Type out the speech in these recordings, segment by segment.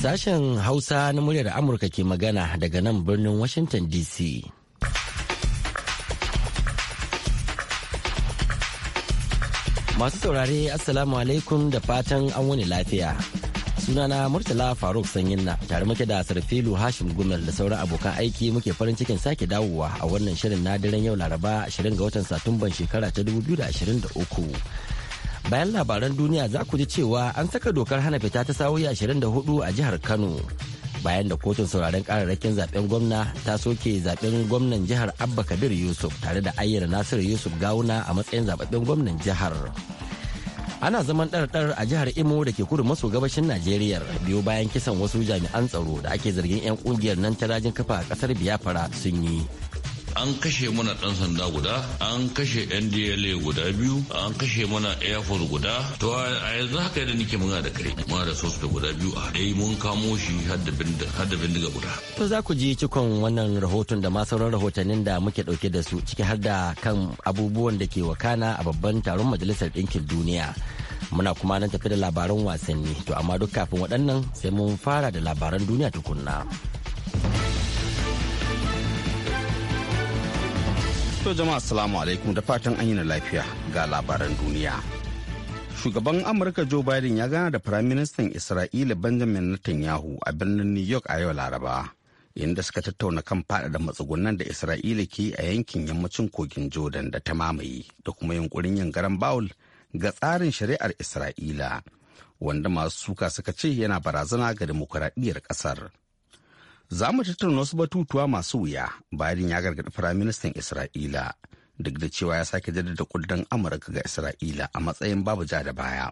Sashen Hausa na muryar Amurka ke magana daga nan birnin Washington DC. Masu saurare Assalamu alaikum da fatan an wani lafiya. Sunana Murtala Faruk Sanyinna tare muke da Sarfilu Hashim Gumel da sauran abokan aiki muke farin cikin sake dawowa a wannan shirin na daren yau Laraba 20 ga watan Satumban shekara ta 2023. bayan labaran duniya za ku ji cewa an saka dokar hana fita ta ashirin da hudu a jihar kano bayan da kotun sauraren kararrakin zaben gwamna ta soke zaben gwamnan jihar abba kabir yusuf tare da ayyana nasiru yusuf gawuna a matsayin zababben gwamnan jihar ana zaman ɗarɗar a jihar imo da ke kudu maso gabashin najeriya Biyu bayan kisan wasu jami'an tsaro da ake zargin 'yan kungiyar nan ta rajin kafa a ƙasar biafra sun yi an kashe mana dan sanda guda an kashe ndla guda biyu an kashe mana air force guda to a yanzu haka da nake muna da kai muna da sosu da guda biyu a dai mun kamo shi har da bindiga guda to za ku ji cikon wannan rahoton da ma sauran rahotannin da muke dauke da su ciki har da kan abubuwan da ke wakana a babban taron majalisar ɗinkin duniya muna kuma nan tafi da labaran wasanni to amma duk kafin waɗannan sai mun fara da labaran duniya tukunna. To jama'a assalamu alaikum da fatan an yi na lafiya ga labaran duniya. Shugaban Amurka Joe Biden ya gana da Firaministan Isra'ila Benjamin Netanyahu a birnin New York a yau Laraba, inda suka tattauna kan faɗaɗa matsugunan da Isra'ila ke a yankin yammacin kogin Jordan da ta mamaye da kuma yunkurin yin garan bawul ga tsarin shari'ar Isra'ila, wanda masu suka suka ce yana barazana ga dimokuraɗiyyar ƙasar. Za mu tattauna wasu batutuwa masu wuya bayan ya gargaɗi Firaministan Isra'ila duk da cewa ya sake jaddada kudin Amurka ga Isra'ila a matsayin babu ja da baya.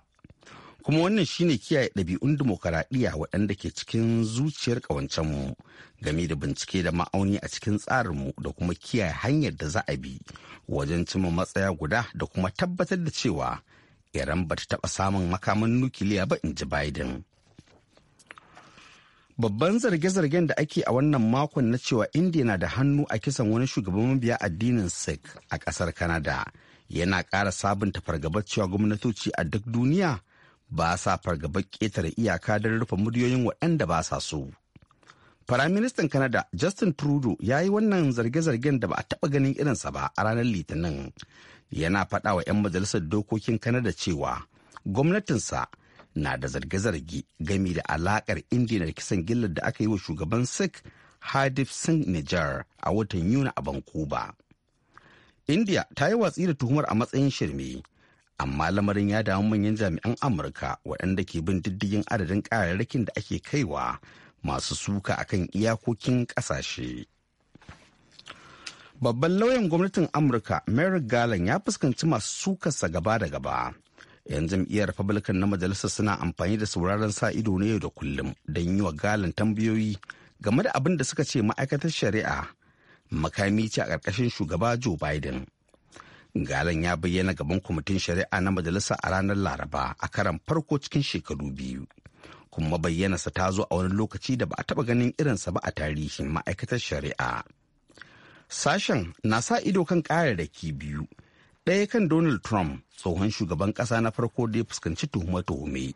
Kuma wannan shine kiyaye ɗabi'un dimokuraɗiyya waɗanda ke cikin zuciyar ƙawancenmu game da bincike da ma'auni a cikin tsarinmu da kuma kiyaye hanyar da za a bi wajen cimma matsaya guda da kuma tabbatar da cewa Iran ba ta taɓa samun makaman nukiliya ba in ji Biden. Babban zarge-zargen da ake a wannan makon na cewa India na da hannu a kisan wani shugaban mabiya addinin Sikh a ƙasar Canada yana ƙara sabunta fargabar cewa gwamnatoci a duk duniya ba sa fargabar ƙetare iyaka don rufe muryoyin waɗanda ba sa so. Firaministan Canada Justin Trudeau ya yi wannan zarge-zargen da ba a taɓa ganin irinsa ba a ranar Litinin. Yana faɗa wa 'yan majalisar dokokin Canada cewa gwamnatinsa na da zarge-zarge gami da alakar indiya da kisan gillar da aka yi wa shugaban sikh hadif singh nijar a watan yuni a vancouver indiya ta yi watsi da tuhumar a matsayin shirme amma lamarin ya damu manyan jami'an amurka waɗanda ke bin diddigin adadin ƙararrakin da ake kaiwa masu suka akan iyakokin ƙasashe. babban lauyan gwamnatin amurka merrick garland ya fuskanci masu sukarsa gaba da gaba 'yan jam'iyyar republican na majalisa suna amfani da sauraron sa ido na yau da kullum don yi wa galan tambayoyi game da abin da suka ce ma'aikatar shari'a makami ce a ƙarƙashin shugaba joe biden galan ya bayyana gaban kwamitin shari'a na majalisa a ranar laraba a karan farko cikin shekaru biyu kuma bayyanarsa ta zo a wani lokaci da ba a taɓa ganin irinsa ba a tarihin ma'aikatar shari'a sashen na sa ido kan ƙara ƙararraki biyu ɗaya kan Donald Trump tsohon shugaban ƙasa na farko da ya fuskanci tuhume-tuhume.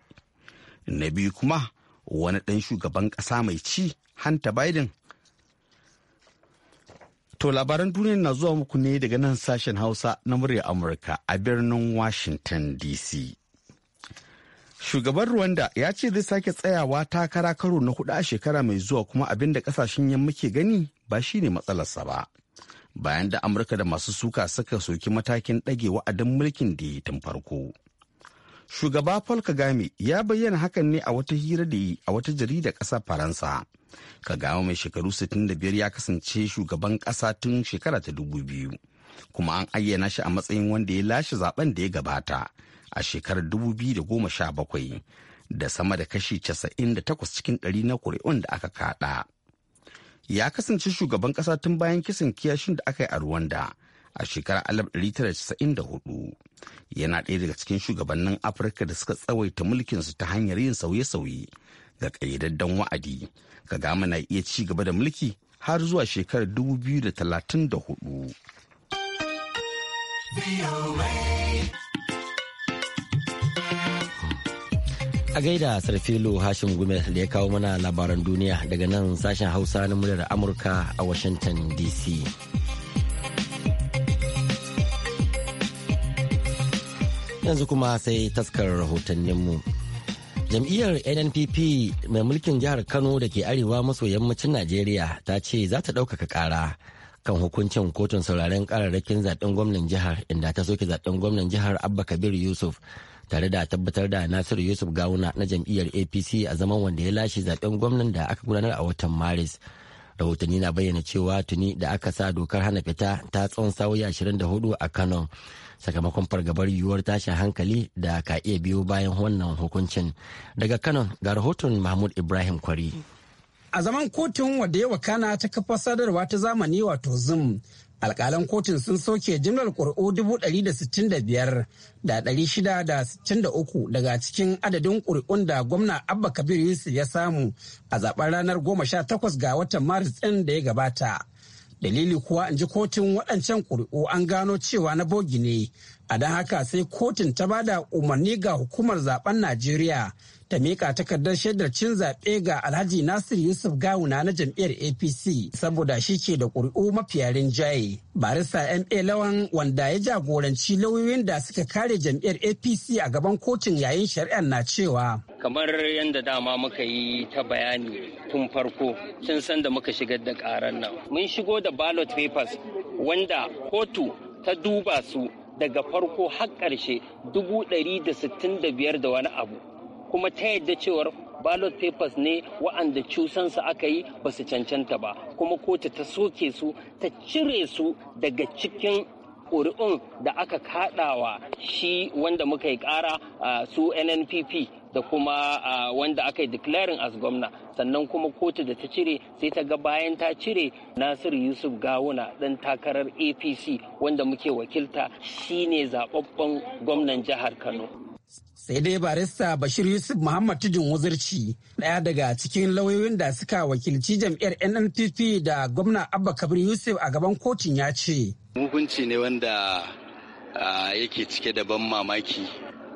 Na biyu kuma wani ɗan shugaban ƙasa mai ci Hunter Biden. To labaran duniya na zuwa muku ne daga nan sashen Hausa na murya Amurka a birnin Washington DC. Shugaban Rwanda ya ce zai sake tsayawa takara karo na hudu a shekara mai zuwa kuma abin da kasashen yamma ke gani ba shi ne matsalarsa ba. bayan da amurka da masu suka suka soki matakin ɗage wa'adin mulkin da ya tun farko shugaba paul kagame ya bayyana hakan ne a wata hira da yi a wata jarida ƙasa faransa kagame mai shekaru 65 ya kasance shugaban ƙasa tun shekara ta 2000 kuma an ayyana shi a matsayin wanda ya lashe zaben da ya gabata a shekarar 2017 da goma sha da sama da kashi 98 cikin 100 na kuri'un da aka kada. ya kasance shugaban kasa tun bayan kisan kiyashin da aka yi a Rwanda a shekarar 1994. Yana ɗaya daga cikin shugabannin Afirka da suka tsawaita mulkinsu ta hanyar yin sauye-sauye ga ƙayyadaddan wa'adi. Kagame na iya ci gaba da mulki har zuwa shekarar 2034. A gaida Sarfilo Hashim Gumel da ya kawo mana labaran duniya daga nan sashen Hausa na muryar Amurka a Washington DC. Yanzu kuma sai taskar rahotanninmu. Jam'iyyar NNPP mai mulkin jihar Kano da ke arewa maso yammacin Najeriya ta ce za ta ɗaukaka ƙara kan hukuncin kotun sauraren ƙararrakin zaɓen gwamnan jihar inda ta soke zaɓen gwamnan jihar Abba Kabir Yusuf. tare da tabbatar da nasiru yusuf gawuna na jam'iyyar apc a zaman wanda ya lashe zaben gwamnan da aka gudanar a watan maris rahotanni na bayyana cewa tuni da aka sa dokar hana fita ta tsawon sa'o'i hudu a kano sakamakon fargabar yiwuwar tashin hankali da ka iya biyo bayan wannan hukuncin daga kano ga rahoton mahmud ibrahim kwari a zaman kotun wadda ya wakana ta kafa sadarwa ta zamani wato zoom alkalan kotun sun soke jimlar ƙuri'u 165 da daga cikin adadin ƙuri'un da gwamna abba kabir yusuf ya samu a zaben ranar 18 ga watan maris ɗin da ya gabata dalili kuwa in ji kotun waɗancan ƙuri'u an gano cewa na bogi ne a don haka sai kotun ta ba da umarni ga hukumar zaben najeriya ta mika takardar shaidar cin zaɓe ga alhaji nasir yusuf gawuna na jam'iyyar apc saboda shi ke da ƙuri'u mafiya rinjaye barista ma lawan wanda ya jagoranci lauyoyin da suka kare jam'iyyar apc a gaban kotun yayin shari'ar na cewa kamar yadda dama muka yi ta bayani tun farko tun san da muka shigar da ƙarar nan mun shigo da ballot papers wanda kotu ta duba su daga farko har ƙarshe dubu ɗari da sittin da biyar da wani abu kuma ta yadda cewar ballot papers ne wa'anda cusansu aka yi ba su cancanta ba kuma kotu ta soke su ta cire su daga cikin ƙuri'un da aka kaɗawa shi wanda muka yi ƙara su nnpp da kuma wanda aka yi declaring as gwamna sannan kuma kotu da ta cire sai ta ga bayan ta cire nasiru yusuf gawuna dan takarar apc wanda muke wakilta shine zababben gwamnan jihar kano sai dai barista bashir yusuf muhammad tijin wuzirci ɗaya daga cikin lauyoyin da suka wakilci jam'iyyar nnpp da gwamna abba kabir yusuf a gaban kotun ya ce hukunci ne wanda yake cike da ban mamaki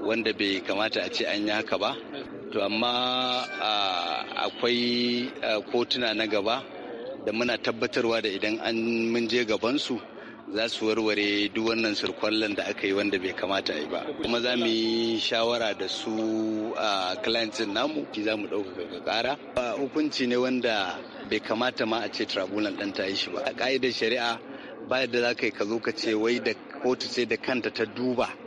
wanda bai kamata a ce an yi haka ba to amma akwai kotuna na gaba da muna tabbatarwa da idan an mun je gabansu za su warware duk wannan surkwallon da aka yi wanda bai kamata yi ba kuma za mu yi shawara da su a clients namu ki za mu kara ƙara hukunci ne wanda bai kamata ma a ce trabulan ɗan ta yi shi ba a ƙa'idar shari'a ba da za ka yi ka zo ka ce wai da kotu ce da kanta ta duba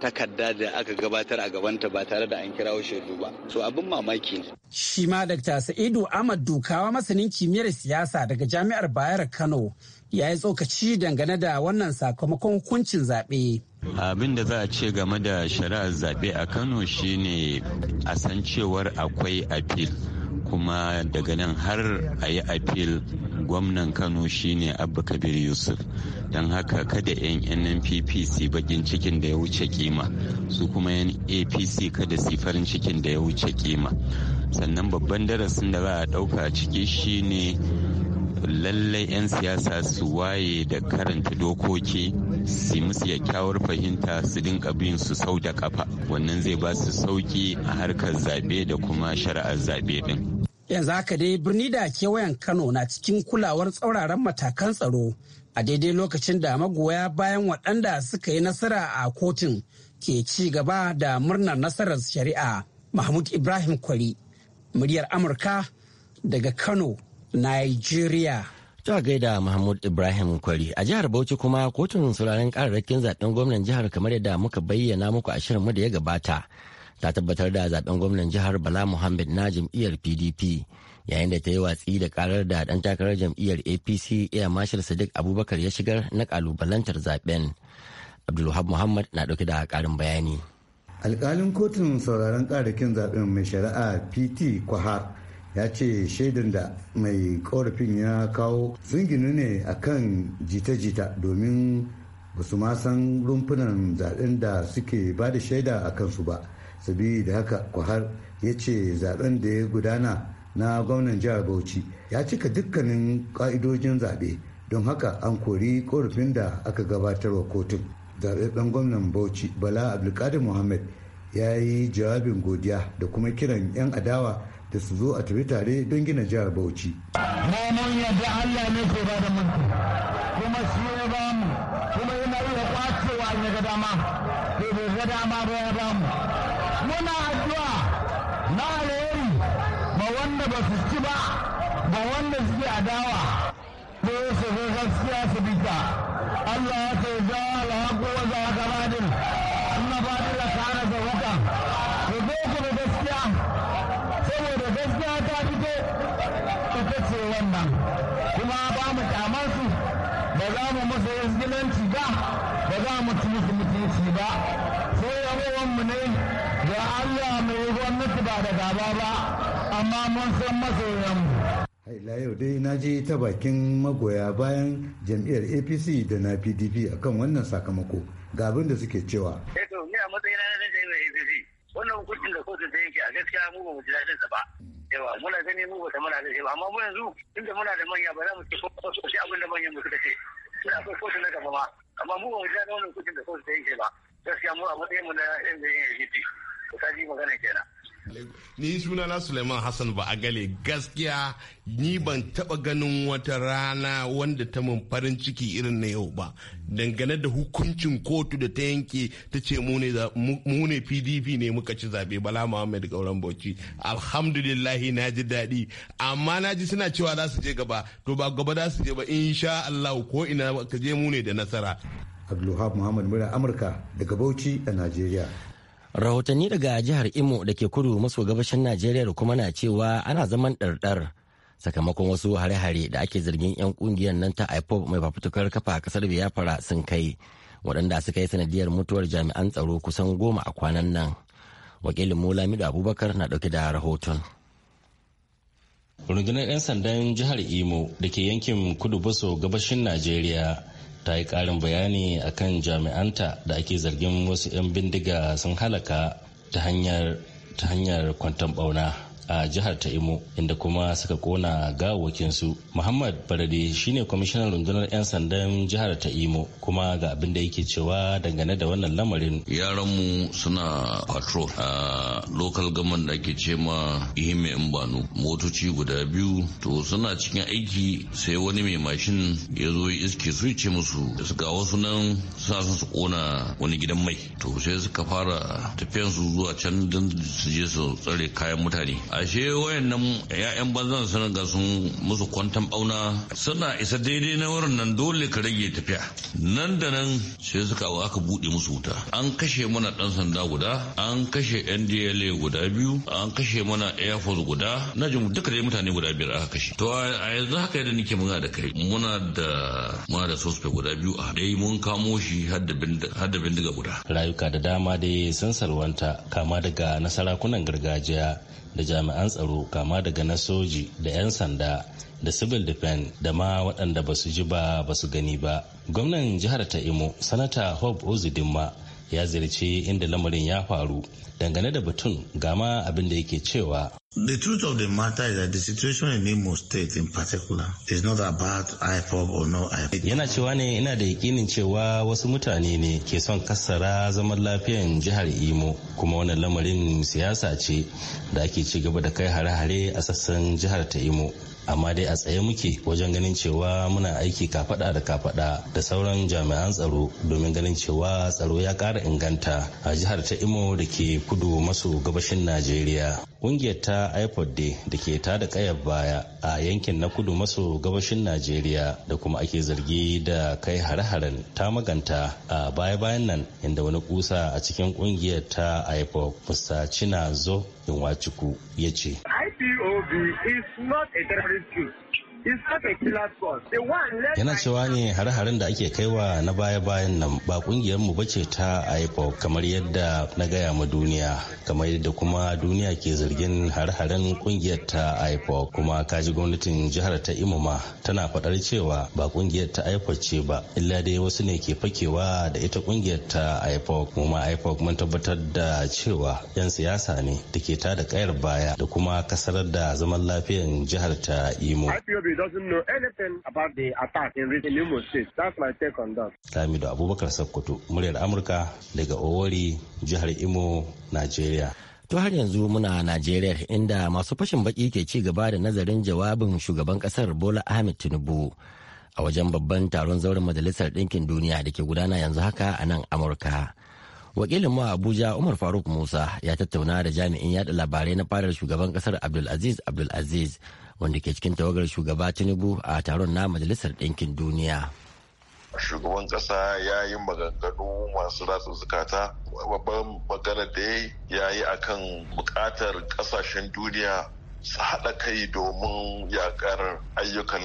takarda da aka gabatar a gabanta ba tare da an kirawo shaidu ba so abin mamaki ne shi ma dr sa'idu ahmad dukawa masanin kimiyyar siyasa daga jami'ar bayar kano ya yi tsokaci dangane da wannan sakamakon hukuncin zaɓe. abin da za a ce game da shari'ar zaɓe a kano shine a san cewar akwai appeal kuma daga nan har a yi apil gwamnan kano shine abba kabir yusuf don haka kada 'yan nnpp su bakin cikin da ya wuce kima su kuma 'yan apc kada su farin cikin da ya wuce kima sannan babban darasin da za a ɗauka ciki shine lallai 'yan siyasa su waye da karanta dokoki su musu kyakkyawar fahimta su dinka bin su sau da kafa wannan zai ba su sauki a harkar zabe da kuma shari'ar zabe din yanzu haka dai birni da kewayen kano na cikin kulawar tsauraran matakan tsaro a daidai lokacin da magoya bayan waɗanda suka yi nasara a kotun ke ci gaba da murnar nasarar shari'a mahmud ibrahim kwari muryar amurka daga kano nigeria Ta gaida Mahmud Ibrahim Kwari a jihar Bauchi kuma kotun sauraron kararrakin zaben gwamnan jihar kamar yadda muka bayyana muku a shirinmu da ya gabata ta tabbatar da zaben gwamnan jihar Bala Muhammad na jam'iyyar PDP yayin da ta yi watsi da karar da dan takarar jam'iyyar APC Air Marshal Sadiq Abubakar ya shigar na kalubalantar zaben. Abdulwahab Muhammad na dauke da karin bayani. Alkalin kotun sauraron kararrakin zaben mai shari'a PT Kwahar ya ce shaidan da mai korafin ya kawo sun ginu ne kan jita-jita domin ba su ma san rumfunan zaɓen da suke ba da shaida a kansu ba sabida haka kwahar ya ce zaɓen da ya gudana na gwamnan jihar bauchi ya cika dukkanin ƙa'idojin zaɓe don haka an kori korafin da aka gabatar wa kotun ɗan gwamnan bauchi bala abdulkadir muhammad ya yi jawabin godiya da kuma kiran 'yan adawa da su zo a tafi tare don gina jihar Bauchi. Mun yadda Allah ne ke ba da mulki kuma shi ya ba mu kuma yana iya kwacewa ya ga dama bai bai ga dama ba ya ba mu. Muna addu'a na alheri ba wanda ba su ci ba ba wanda suke adawa ko su zo gaskiya su bita. Allah ya ce za alhaku wa za ba kuma ba mu kyamar su ba za mu musu izgilanci ba ba za mu ci musu mutunci ba sai yawan mu ne ga Allah mai gwamnati ba da gaba ba amma mun san masoyan haila yau dai na je ta bakin magoya bayan jam'iyyar apc da na pdp akan wannan sakamako ga abin da suke cewa eh ni a matsayina na jam'iyyar apc wannan hukuncin da kotun ta yanke a gaskiya mu ba mu ji sa ba yawa muna gani mu ba ta muna da ba amma mu yanzu inda muna da manya ba za mu ci ko sosai abin da manyan mu suka ce sai akwai kotu na gaba ma amma mu ba mu ja da wannan kudin da kotu ta yi ba gaskiya mu a matsayin mu na yan da yin AGP ka ji magana kenan ni suna na suleiman hassan ba a gale gaskiya ni ban taba ganin wata rana wanda ta mun farin ciki irin na yau ba dangane da hukuncin kotu da ta yanke ta ce mu ne pdp ne muka ci zaɓe bala muhammad gauran bauchi alhamdulillahi na ji daɗi amma na ji suna cewa za su je gaba to ba gaba za su je ba insha allah ko ina ka je mu ne da nasara abdulhab muhammad mura amurka daga bauchi a najeriya rahotanni daga jihar imo da ke kudu maso gabashin najeriya da kuma na cewa ana zaman ɗarɗar sakamakon wasu hare-hare da ake zargin 'yan kungiyar nan ta ipob mai fafutukar kafa kasar biafra sun kai waɗanda suka yi sanadiyar mutuwar jami'an tsaro kusan goma a kwanan nan wakilin mido abubakar na ɗauke da rahoton rundunar 'yan sandan jihar imo da ke yankin kudu maso gabashin najeriya ta yi ƙarin bayani a kan jami'anta da ake zargin wasu 'yan bindiga sun halaka ta hanyar kwanton bauna. a jihar ta inda kuma suka kona gawakinsu muhammad barade shine kwamishinan rundunar 'yan sandan jihar ta kuma ga abin da yake cewa dangane da wannan lamarin yaranmu suna patrol a lokal gaman da ke ce ma ihime mbanu motoci guda biyu to suna cikin aiki sai wani mai mashin ya zo iske su ce musu ga wasu nan suna su kona wani gidan mai to sai suka fara tafiyansu zuwa can don su je su tsare kayan mutane a ashe wayannan ya'yan banzan sun ga sun musu kwantan bauna suna isa daidai na wurin nan dole ka rage tafiya nan da nan sai suka aka bude musu wuta an kashe mana ɗan sanda guda an kashe NDLA guda biyu an kashe mana Air Force guda na jin duka dai mutane guda biyar aka kashe to a yanzu haka da nake muna da kai muna da muna da suspect guda biyu a dai mun kamo shi har da bindiga guda rayuka da dama dai sun salwanta kama daga na sarakunan gargajiya da jami'an tsaro kama daga na soji da 'yan sanda da civil defense da ma waɗanda ba su ji ba ba su gani ba gwamnan jihar ta imo sanata hope ozudinma ya ziyarci inda lamarin ya faru dangane da batun gama abin da yake cewa The truth of the matter is that the situation in Imo State in particular is not about IPOB or no IPOB. Yana cewa ne ina da yakinin cewa wasu mutane ne ke son kassara zaman lafiyan jihar Imo kuma wannan lamarin siyasa ce da ake ci gaba da kai hare-hare a sassan jihar ta Imo. amma dai a tsaye muke wajen ganin cewa muna aiki kafada da kafada da sauran jami'an tsaro domin ganin cewa tsaro ya ƙara inganta a jihar ta imo da ke kudu maso gabashin najeriya ƙungiyar ta ipod day da ke ta da kayar baya a yankin na kudu maso gabashin najeriya da kuma ake zargi da kai hare-haren ta maganta a baya-bayan nan inda wani kusa a cikin ƙungiyar ta ipod musa cina zo wacuku ya ce the, it's not a terrorist group. Yana cewa ne hare-haren da ake kaiwa na baya-bayan nan ba kungiyar mu bace ta IPOC kamar yadda na gaya ma duniya kamar yadda kuma duniya ke zargin hare-haren kungiyar ta IPOC kuma kaji gwamnatin jihar ta Imoma tana fadar cewa ba kungiyar ta IPOC ce ba illa dai wasu ne ke fakewa da ita kungiyar ta IPOC kuma IPOC mun tabbatar da cewa 'yan siyasa ne da ke da kayar baya da kuma kasar da zaman lafiyan jihar ta Imo. doesn't know anything about the attack in Imo State. That's my take on that. Lamido Abubakar Sokoto, muryar Amurka daga Owori, jihar Imo, Najeriya. To har yanzu muna Najeriya inda masu fashin baki ke ci gaba da nazarin jawabin shugaban kasar Bola Ahmed Tinubu a wajen babban taron zauren Majalisar Ɗinkin Duniya da ke gudana yanzu haka a nan Amurka. Wakilin mu Abuja Umar Faruk Musa ya tattauna da jami'in yaɗa labarai na fadar shugaban kasar Abdulaziz Abdulaziz wanda ke cikin tawagar shugaba tinubu a taron na majalisar ɗinkin duniya shugaban ƙasa ya yi maganganu masu ratsa zukata babban magana da ya yi akan buƙatar ƙasashen duniya su haɗa kai domin yaƙar ayyukan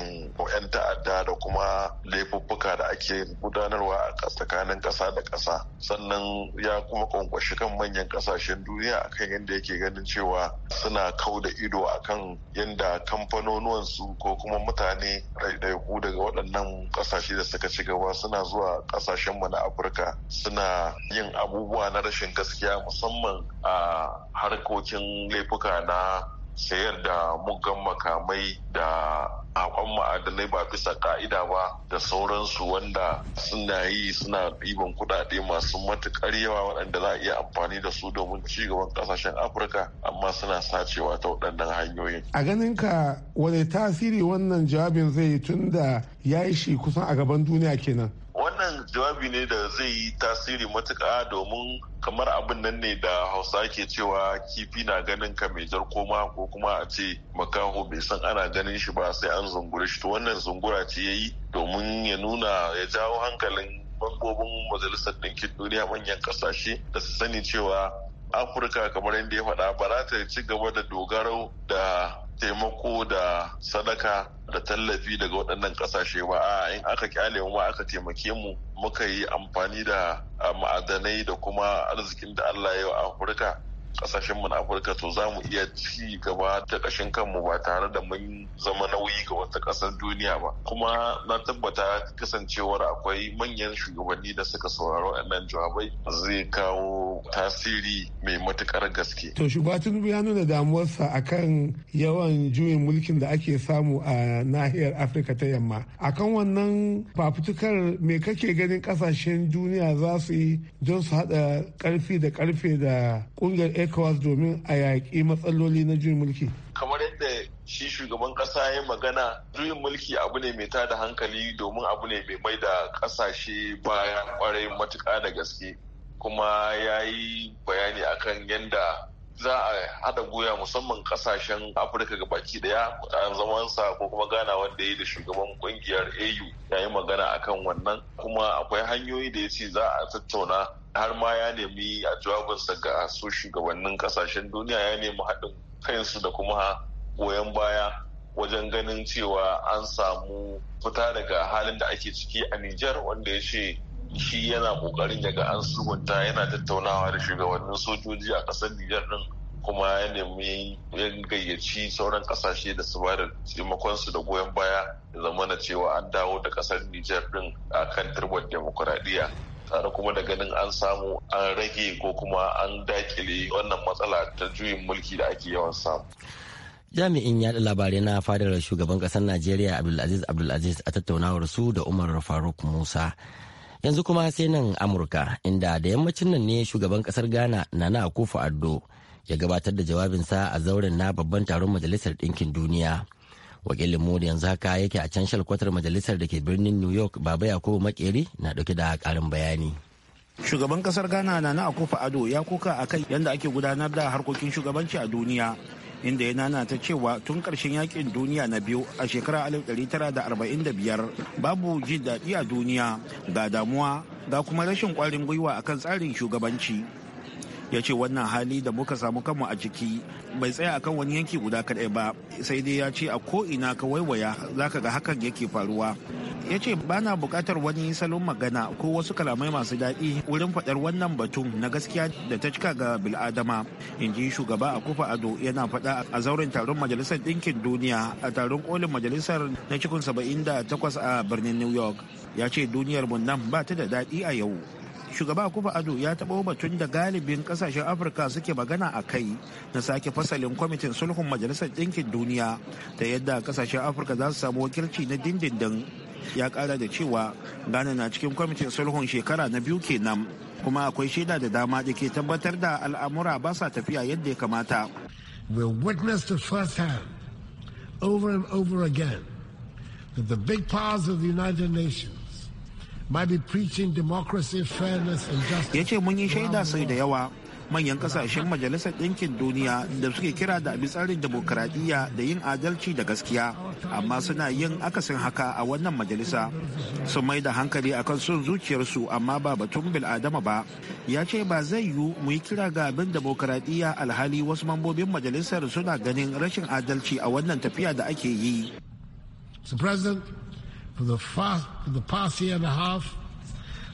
'yan ta'adda da kuma laifuffuka da ake gudanarwa a tsakanin ƙasa da ƙasa sannan ya kuma kwankwashi kan manyan ƙasashen duniya akan yadda yake ganin cewa suna kau da ido akan yadda kamfanonuwansu ko kuma mutane ɗaiɗaiku daga waɗannan ƙasashe da suka ci gaba suna zuwa ƙasashen mu na afirka suna yin abubuwa na rashin gaskiya musamman a harkokin laifuka na sayar da mugan makamai da haƙon ma'adanai ba bisa ka'ida ba da sauransu wanda suna yi suna ɗiban kuɗaɗe masu matuƙar yawa waɗanda za a iya amfani da su domin ci gaban ƙasashen afirka amma suna sacewa ta waɗannan hanyoyin a ganin ka wani tasiri wannan jawabin zai yi tun da ya yi shi kusan a gaban duniya kenan wannan jawabi ne da zai yi tasiri matuka domin kamar abin nan ne da hausa ke cewa kifi na ganin ka mai jar koma ko kuma a ce makaho bai san ana ganin shi ba sai an zungure shi to wannan zungura ce ya yi domin ya nuna ya jawo hankalin bangobin majalisar ɗinkin duniya manyan ƙasashe da su sani cewa afirka kamar yadda ya faɗa ba za ta ci gaba da dogaro da taimako da sadaka da tallafi daga waɗannan ƙasashe ba a in aka kyale mu aka taimake mu muka yi amfani da ah, ma'adanai da kuma arzikin da Allah ya yi wa Afirka kasashen mu na afirka to za mu iya ci gaba ta ƙashin kanmu ba tare da mun zama nauyi ga wata ƙasar duniya ba kuma na tabbata kasancewar akwai manyan shugabanni da suka sauraro nan jawabai zai kawo tasiri mai matukar gaske to shugaba ya nuna damuwarsa akan yawan juyin mulkin da ake samu a nahiyar afirka ta yamma akan wannan fafutukar me kake ganin kasashen duniya za su yi don su hada ƙarfi da karfe da ƙungiyar ecowas domin a yaƙi matsaloli na juyin mulki kamar yadda shi shugaban ƙasa ya magana juyin mulki abu ne mai tada hankali domin abu ne mai mai da ƙasashe baya kwarai matuka da gaske kuma ya yi bayani akan yadda za a hada goya musamman kasashen afirka ga baki daya a zamansa ko kuma gana wanda ya da shugaban kungiyar au ya yi magana akan wannan kuma akwai hanyoyi da ya ce za a tattauna har ma ya nemi a jawabinsa ga su shugabannin kasashen duniya ya nemi haɗin kansu da kuma goyon baya wajen ganin cewa an samu fita daga halin da ake ciki a Nijar wanda ya ce shi yana kokarin ya an sulhunta yana tattaunawa da shugabannin sojoji a kasar Nijar din kuma ya nemi ya gayyaci sauran kasashe da su bada taimakon su da goyon baya da zamana cewa an dawo da kasar Nijar din a kan turbar demokuraɗiyya tare kuma da ganin an samu an rage ko kuma an dakile wannan matsala ta juyin mulki da ake yawan samu. jami'in yaɗa labarai na fadar shugaban ƙasar najeriya abdulaziz abdulaziz a tattaunawar su da umar faruk musa yanzu kuma sai nan amurka inda da yammacin nan ne shugaban kasar ghana nana akufo addo ya gabatar da jawabinsa a zauren na babban taron majalisar ɗinkin duniya wakilin mu da yanzu haka yake a can shalkwatar majalisar da ke birnin new york baba yakubu makeri na ɗauke da ƙarin bayani shugaban kasar ghana na na akufa ado ya kuka akan yadda ake gudanar da harkokin shugabanci a duniya inda ya nanata cewa tun ƙarshen yakin duniya na biyu a shekarar 1945 babu jin daɗi a duniya ga damuwa ga kuma rashin ƙwarin gwiwa akan tsarin shugabanci ya ce wannan hali da muka samu kanmu a ciki bai tsaya akan wani yanki guda kaɗai ba sai dai ya ce a ko ina ka waiwaya ka ga hakan yake faruwa ya ce ba na bukatar wani salon magana ko wasu kalamai masu daɗi wurin faɗar wannan batun na gaskiya da ta cika ga bil'adama in ji shugaba a kufa ado yana faɗa a zauren taron majalisar ɗinkin duniya a taron kolin majalisar na cikin 78 a birnin new york ya ce duniyar mu nan ba ta da daɗi a yau shugaba kufa ado ya taɓa batun da galibin ƙasashen afirka suke magana a kai na sake fasalin kwamitin sulhun majalisar ɗinkin duniya ta yadda kasashen afirka za su samu wakilci na dindindin ya ƙara da cewa ghana na cikin kwamitin sulhun shekara na biyu kenan kuma akwai shaida da dama da ke tabbatar da al'amura ba sa tafiya yadda ya kamata. We witnessed it firsthand over and over again that the big powers of the United Nations ya ce mun yi shaida sai da yawa manyan kasashen majalisar ɗinkin duniya da suke kira da abin tsarin demokaradiyya da yin adalci da gaskiya amma suna yin akasin haka a wannan majalisa sun mai da hankali akan son zuciyarsu amma ba batun bil'adama ba ya ce ba zai yiwu mu yi kira ga abin demokaradiyya alhali wasu mambobin majalisar suna ganin rashin adalci a wannan tafiya da ake yi. President For the, fast, for the past year and a half,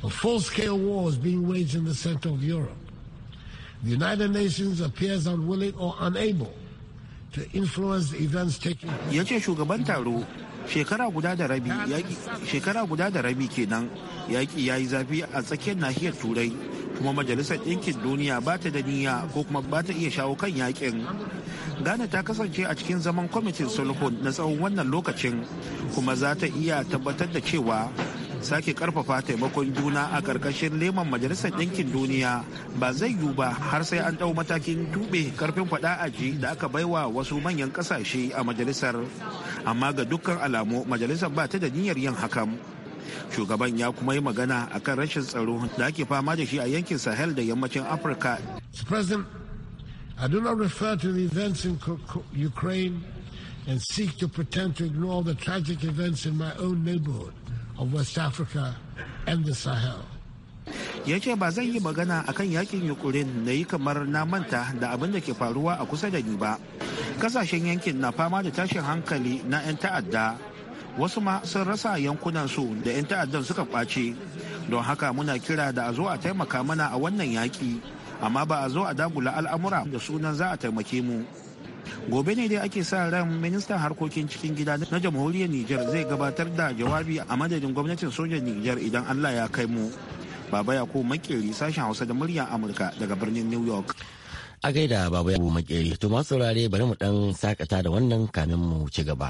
a full-scale war is being waged in the center of Europe. The United Nations appears unwilling or unable to influence the events taking place. shekara guda da rabi shekara guda da rabi kenan zafi a tsakiyar nahiyar turai kuma majalisar ɗinkin duniya ba ta da niyya ko kuma ba ta iya shawo kan yakin ghana ta kasance a cikin zaman kwamitin sulhu na tsawon wannan lokacin kuma za ta iya tabbatar da cewa sake karfafa taimakon juna a karkashin leman majalisar ɗinkin duniya ba zai yiwu ba har sai an ɗau matakin tube karfin faɗa aji da aka baiwa wasu manyan ƙasashe a majalisar amma ga dukkan alamu majalisar ba ta da niyyar yin hakan shugaban ya kuma yi magana akan rashin tsaro da ake fama da shi a yankin sahel da yammacin afirka to pretend to ignore the tragic events in of West Africa and Sahel. ya ce ba zan yi magana akan yakin yukurin na yi kamar na manta da abin da ke faruwa a kusa da ni ba kasashen yankin na fama da tashin hankali na 'yan ta'adda wasu ma sun rasa yankunan su da 'yan ta'addan suka kwace don haka muna kira da a zo a taimaka mana a wannan yaƙi amma ba a zo a dagula al'amura da sunan za a taimake mu gobe ne dai ake sa ran ministan harkokin cikin gida na jamhuriyar niger zai gabatar da jawabi a madadin gwamnatin sojan niger idan allah ya kai mu baba ya ko makeri sashen hausa da muryar amurka daga birnin new york a gaida baba ya makeri to masu saurare bari mu dan sakata da wannan kamin mu ci gaba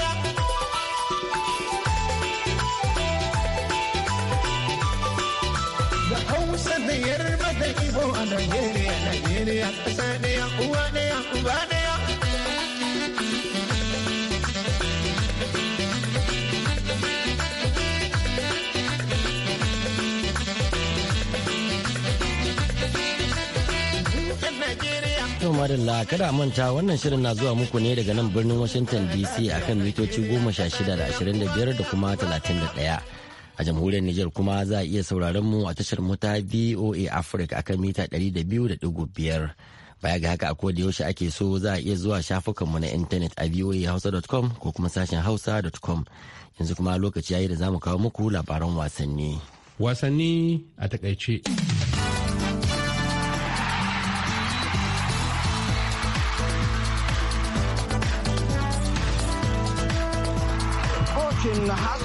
Najeriya, Najeriya, ƙasa ɗaya, uwa ɗaya, uba ɗaya. Yau madalla kada a manta wannan shirin na zuwa muku ne daga nan birnin Washington DC akan mitoci goma sha shida da ashirin da biyar da kuma talatin da daya. A jamhuriyar Nijar kuma za a iya sauraron mu a tashar mu ta VOA Africa akan mita 200.5. Baya ga haka a koda yaushe ake so za a iya zuwa shafukan mu na intanet a voahausa.com ko kuma sashen hausa.com. Yanzu kuma lokaci yayi da zamu kawo muku labaran wasanni. Wasanni a takaice.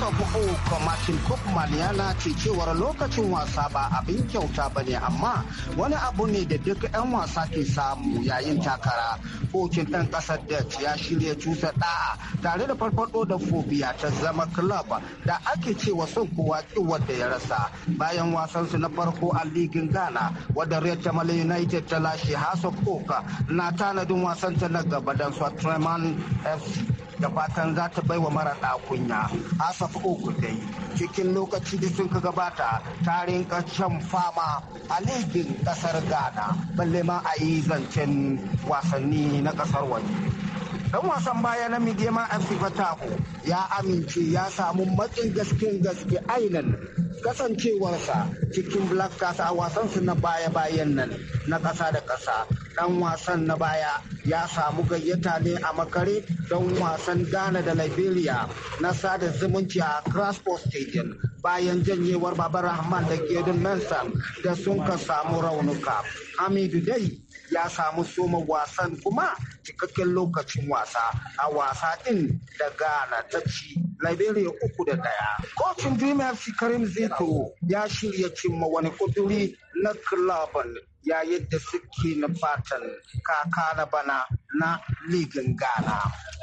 Rabu'u Kamatin kofman yana ce cewa lokacin wasa ba abin kyauta ba ne amma wani abu ne da duk 'yan wasa ke samu yayin takara. Kocin ɗan ƙasar Dutch ya shirya cusa ɗa'a tare da farfaɗo da fobiya ta zama club da ake cewa son kowa wanda ya rasa bayan wasansu na farko a ligin Ghana wadda Red Tamale United ta lashe Hasso Koka na tanadin wasan ta na gaba don Swatraman FC. da fatan za ta baiwa mara kunya asafa uku dai cikin lokaci da sun ka gabata tarin shan fama a ligin kasar ghana balle ma a yi zancen wasanni na kasar waje dan wasan baya na Midema FC Fatako ya amince ya samu matsin gaske gaske ainan kasancewarsa cikin Black Stars a wasansu na baya-bayan nan na ƙasa da ƙasa. Dan wasan na baya ya samu gayyata ne a makare don wasan Ghana da Liberia na sada zumunci a Craspo Stadium bayan janyewar Baba Rahman da Gedin Mensah da sun ka samu raunuka. Hamidu dai ya samu soma wasan kuma cikakken lokacin wasa a wasa ɗin da Ghana ta ci Liberia uku da ɗaya. Kocin Dream FC Karim Zito ya shirya cimma wani kuduri na club yayin da suke na fatan kaka na bana na ligin Ghana.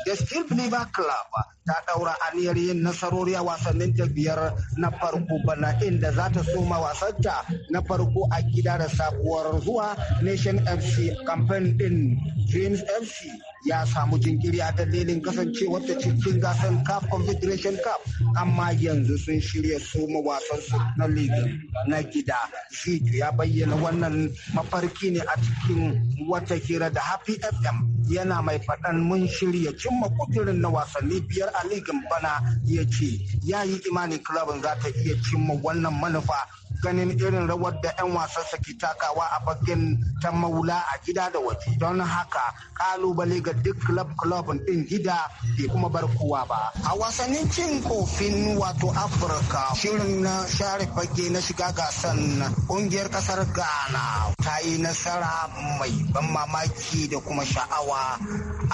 The Steel Believer Club ta ɗaura aniyar yin nasarori a wasannin ta biyar na farko bana inda za ta soma wasanta na farko a gida da sabuwar zuwa Nation FC kamfanin ɗin Dreams FC ya samu jinkiri a dalilin kasancewar ta cikin gasar CAF Confederation Cup amma yanzu sun shirya suma wasan su na league na gida. Zito ya bayyana wannan mafarki ne a cikin wata hira da Happy FM yana mai faɗan mun shirya cimma makudurin na wasanni biyar a ligin bana ya ce ya yi imanin club za ta iya cimma wannan manufa ganin irin rawar da 'yan wasan ke takawa a bakin ta maula a gida da waje don haka kalubale ga duk club club din gida bai kuma bar kowa ba a wasannin cin kofin wato afirka shirin na share fage na shiga gasan kungiyar kasar ghana ta yi nasara mai ban mamaki da kuma sha'awa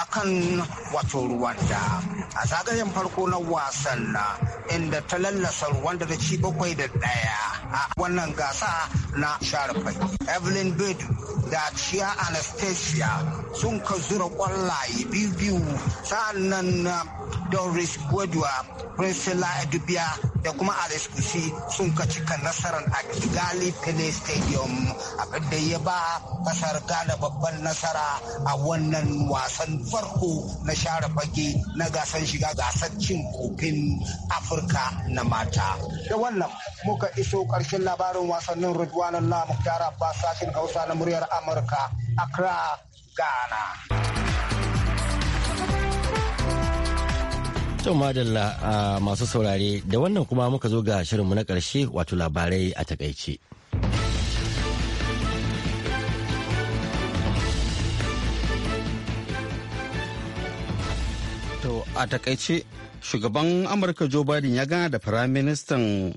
akan wato ruwanda a zagayen farko na wasan na inda ta lallasa ruwan da ci bakwai da ɗaya a wannan gasa na sharfai. Evelyn Bedu da Chia Anastasia sun ka zura kwallaye biyu-biyu sa'an nan uh, Doris Gwadwa, Priscilla Edubia da kuma Kusi sun ka cika nasarar a Kigali Pele Stadium abinda ya ba kasar Ghana babban nasara a wannan wasan farko na share fage na gasar shiga gasar cin kofin Afirka na mata. Da wannan muka iso ƙarshen labarin wasannin Ridwanan na muktara ba sashen Hausa na muryar Amurka Accra Ghana. ma da masu saurare da wannan kuma muka zo ga shirinmu na ƙarshe wato labarai a takaice. To a takaice shugaban Amurka Joe Biden ya gana da Firaministan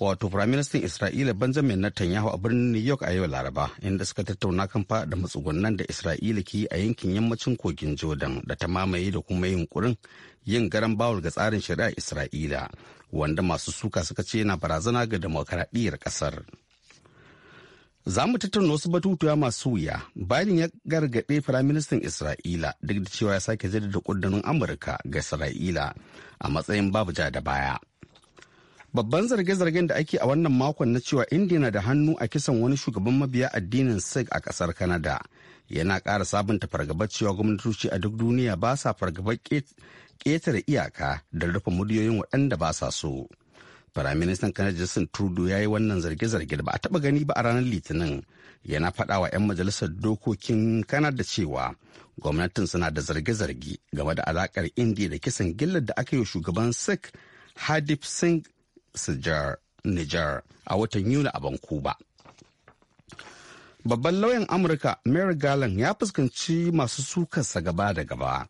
wato firaministan isra'ila benjamin netanyahu a birnin new york a yau laraba inda suka tattauna kan da matsugunan da isra'ila ke a yankin yammacin kogin jordan da ta mamaye da kuma yunkurin yin garan bawul ga tsarin shari'a isra'ila wanda masu suka suka ce yana barazana ga demokaradiyyar kasar za mu tattauna wasu batutuwa masu wuya bayan ya gargaɗe firaministan isra'ila duk da cewa ya sake jaddada ƙudurin amurka ga isra'ila a matsayin babu ja da baya babban zarge-zargen da ake a wannan makon na cewa indiya na da hannu a kisan wani shugaban mabiya addinin sikh a kasar canada yana kara sabunta fargaba cewa gwamnatoci a duk duniya ba sa fargabar ƙetare iyaka da rufe muryoyin waɗanda ba sa so Firaministan Kanada Justin Trudeau ya yi wannan zarge-zarge da ba a taɓa gani ba a ranar Litinin yana faɗa wa 'yan majalisar dokokin Kanada cewa gwamnatin suna da zarge-zarge game da alaƙar Indiya da kisan gillar da aka yi wa shugaban Sikh Hadip Singh Niger a watan Yuni a Vancouver. Babban lauyan Amurka Mary Garland ya fuskanci masu sukarsa gaba da gaba.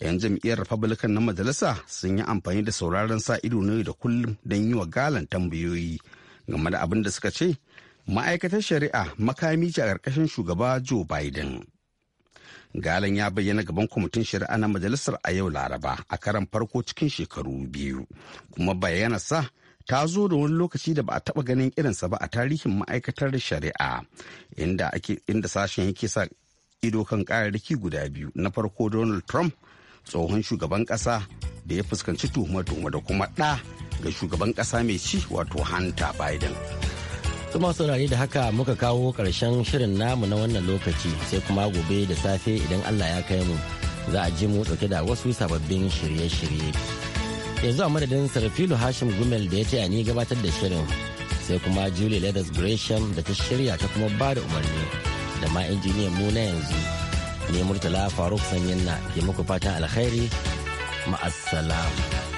'Yan jam'iyyar Republican na majalisa sun yi amfani da sauraron sa ido ne da kullum don yi wa Garland tambayoyi game da abin da suka ce ma'aikatar shari'a makami ce a ƙarƙashin shugaba Joe Biden. Galan ya bayyana gaban kwamitin shari'a na majalisar a yau Laraba a karan farko cikin shekaru biyu, kuma bayyana sa ta zo da wani lokaci da ba a taba ganin irinsa ba a tarihin ma'aikatar shari'a inda sashen yake sa ido kan ƙararraki guda biyu na farko donald trump tsohon shugaban ƙasa da ya fuskanci tuhuma-tuhuma da kuma ɗa ga shugaban ƙasa mai ci wato hanta biden kuma saurare da haka muka kawo ƙarshen shirin namu na wannan lokaci sai kuma gobe da safe idan allah ya kai mu za a ji mu da wasu sababbin shirye-shirye yanzu a madadin sarfilu hashim gumel da ya taya ni gabatar da shirin sai kuma julie leathers gresham da ta shirya ta kuma ba da umarni da ma injiniyan mu na yanzu ne murtala faruk sanyin na ke muku fatan alkhairi ma'assalam.